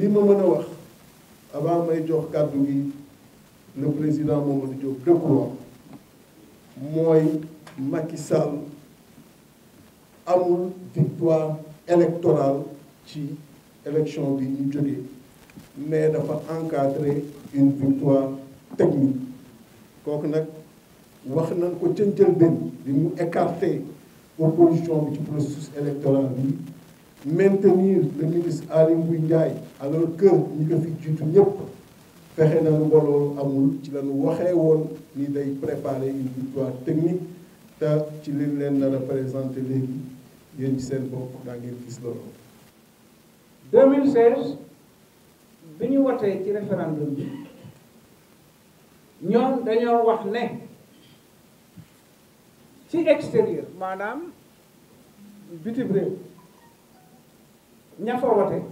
li ma mën a wax avant may jox kàddu gi le président Mamadou Diop Decroix mooy Macky Sall amul victoire électorale ci élection bi ñu jógee mais dafa encadrer une victoire technique kooku nag wax nañ ko ca njëlbéen bi mu écarter opposition bi ci processus électoral bi maintenir le ministre Aly Ngouille Ndiaye alors que ñi ko fi jiitu ñëpp fexe na nu loolu amul ci la waxee woon ni day préparer une victoire technique te ci li leen nar a présenter léegi yéen ci seen bopp daa ngeen gis loolu. 2016 bi ñu watee ci référendum bi ñoom dañoo wax ne ci extérieur maanaam bitim réew. ña fa wote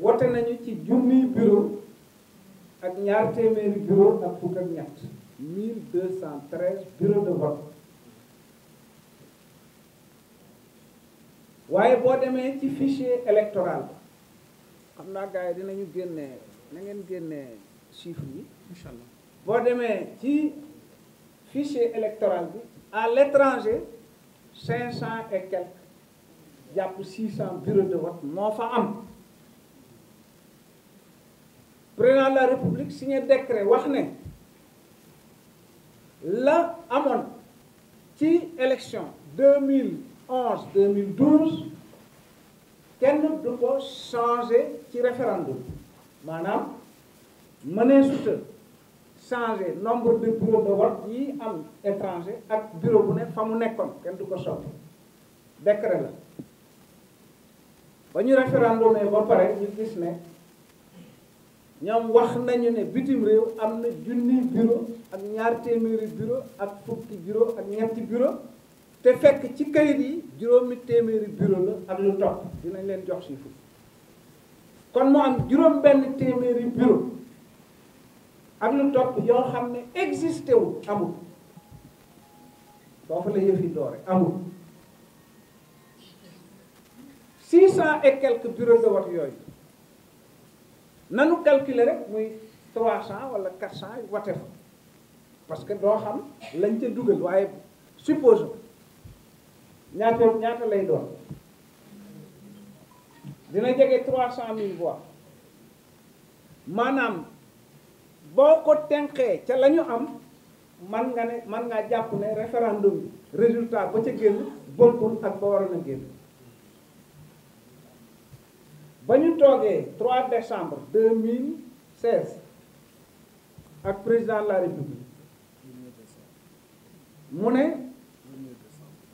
wote nañu ci junniy bureau ak ñaar téeméeri bureau ak fukk ak ñett mille deux cent treize bureau de vote waaye boo demee ci fichier électoral xam naa gars dinañu génne nangeen ngeen génne chiffre yi incha allah boo demee ci fichier électoral bi à l' cinq cent et jàpp 600 bureaux de vote moo fa am président la république signé décret wax ne la amoon ci élection 2011 2012 kenn du ko changé ci référendum maanaam mënee suta changé nombre de bureaux de vote yi am étranger ak bureau bu ne fa mu nekkoon kenn du ko soppi décret la ba ñu référendum ba pare ñu gis ne ñoom wax nañu ne bitim réew am na junni bureau ak ñaar téeméeri bureau ak fukki bureau ak ñetti bureau te fekk ci kayit yi juróomi téeméeri bureau la ak lu topp dinañ leen jox si fukk kon moo am juróom benn téeméeri bureau ak lu topp yoo xam ne existé wu amul foofu la yëf yi amul cent et quelques bureaux de vote yooyu nanu calculer rek muy trois cent wala quatre cent vote fa parce que doo xam lañ ca dugal waaye suppose ñaata ñaata lay doon dina jege trois cent mille voix maanaam boo ko tenqee ca lañu ñu am man nga ne man ngaa jàpp ne référendum résultat ba ca génn bokkul ak ba waroon a génn ba ñu toogee 3 décembre 2016 ak président de la république mu ne.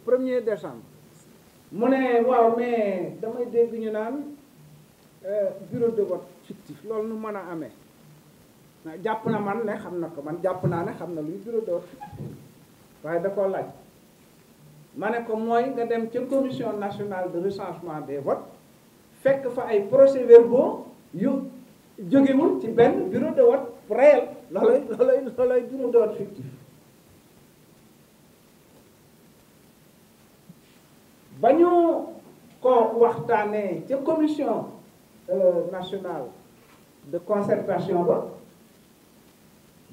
premier décembre. mu ne waaw mais damay dégg ñu naan euh, bureau de vote fictif loolu nu mën a amee jàpp na man ne xam na ko man jàpp naa ne xam na luy bureau de vote fictif waaye da koo laaj ma ne ko mooy nga dem ca commission nationale de recensement des votes. fekk fa ay procès verbaux yu jógewul ci benn bureau de vote réel loolay loolay loolay bureau de vote fictif ba ñu ko waxtaanee ca commission euh, nationale de concertation ba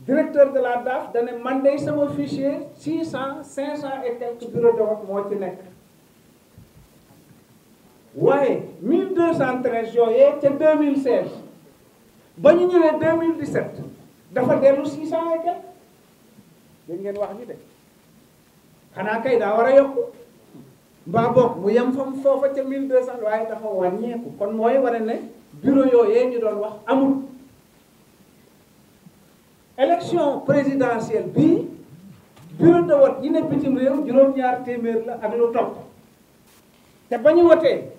directeur de la DAF dane man day sama fichier six cent cinq cent et quelques bureaux de vote moo ci nekk waaye 1213 yooyee ca 2016 ba ñu ñëwee 2017 dafa dellu 600 et quelques dégg ngeen wax ni de xanaa kay daa war a yokku mbaa bokk mu yem fam foofa ca 1200 waaye dafa wàññeeku kon mooy war a ne bureau yooyee ñu doon wax amul élection présidentielle bii bureau de vote yi ne bitim réew juróom-ñaar téeméer la ak lu topp te ba ñu wotee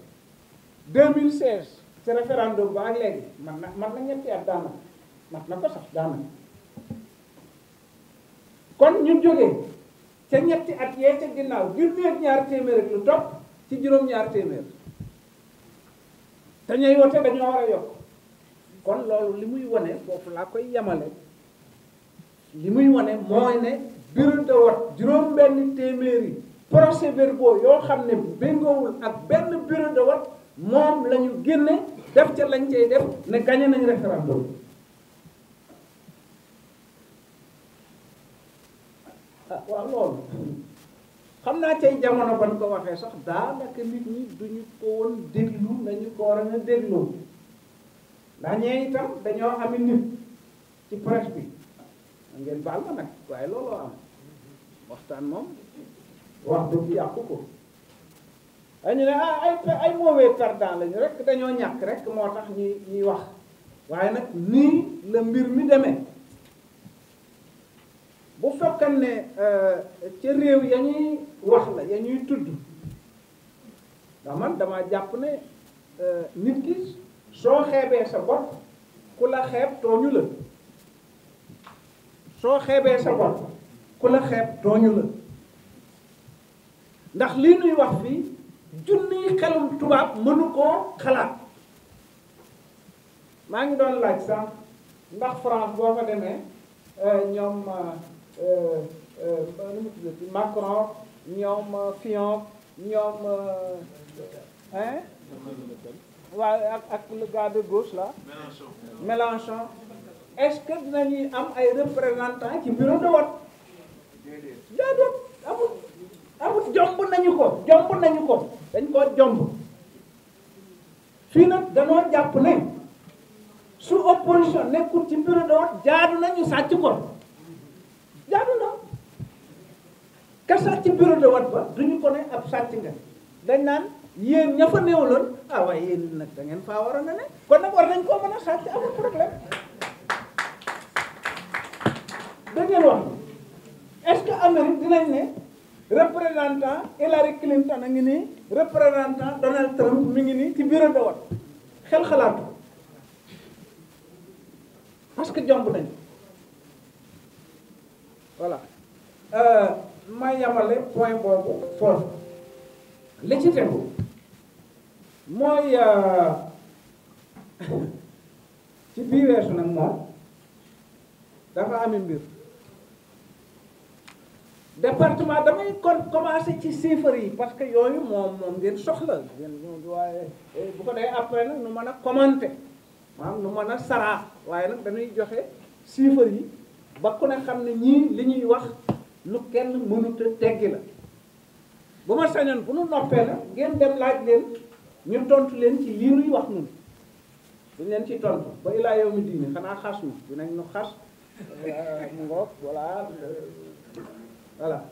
2016 ci référendum ba ak léegi man na man na ñetti at daanaka mat na ko sax kon ñu jógee ca ñetti at yee ca ginnaaw junni ak ñaar téeméer ak lu ci juróom-ñaar téeméer te ñuy wote dañoo war a kon loolu li muy wane foofu laa koy yemale li muy wane mooy ne bureau de vote juróom benn téeméeri procès verbaux yoo xam ne béngoowul ak benn bureau de moom la ñu génne def ca lañ cay def ne gagné nañu référendum boobu ah, loolu xam naa cay jamono ban ko waxee sax daanaka nit ñi duñu ko woon déglu nañu ko war a dégloo ndax ñee itam dañoo ami nit ci presse bi ngeen baal ma nag waaye looloo am waxtaan moom wax dëgg yàqu ko waaye ñu ne ah ay ay mauvais perdant lañu rek dañoo ñàkk rek moo tax ñuy ñuy wax waaye nag nii la mbir mi demee bu fekkan ne euh, ca réew ya ñuy wax la ya ñuy tudd ndax man dama jàpp ne euh, nit ki soo xeebee sa bopp ku la xeeb tooñu la soo xeebee sa bopp ku la xeeb tooñu la ndax lii nuy wax fii junni xelum tubaab mënu koo xalaat maa ngi doon laaj sax ndax France boo fa demee euh, ñoom euh, euh, nu mu tuddati Macron ñoom Fillon ñoom hein waaw ak ak le gars gauche là Mélenchon est-ce que dinañuy am ay représentants ci bureau de vote déedéet awut jomb nañu ko jomb nañu ko dañ koo jomb fii nag danoo jàpp ne su opposition nekkul ci bureau de vote jaadu nañu sàcc ko jaadu na ka sàcc bureau de vote ba duñu ko ne ab sàcc nga dañ naan yéen ña fa néewloon ah waaye yéen nag da ngeen faa waroon a ne kon nag war nañ koo mën a sàcc amul problème da wax est-ce dinañ ne représentant Hillary Clinton a ngi représentant Donald Trump mi ngi nii ci bureau xel xalaatu parce que jomb nañ voilà euh, ma yamale point boobu foofu li ci tegu mooy euh, ci bii weesu dafa amee mbir département damay kon commencé ci chiffres yi parce que yooyu moom moom ngeen soxla ngeen waaye eh, bu ko dee après nag nu mën a commenter maanaam nu mën a saraa waaye nag dañuy joxe chiffres yi ba ku xam ne ñii li wax lu kenn mënut a teggi la ma sañoon bu nu noppee la ngeen dem laaj leen ñu tontu leen ci lii nuy wax ñun duñ leen ci tontu ba laa yow mi diini xanaa xas nu dinañ nu xas mu euh, voilà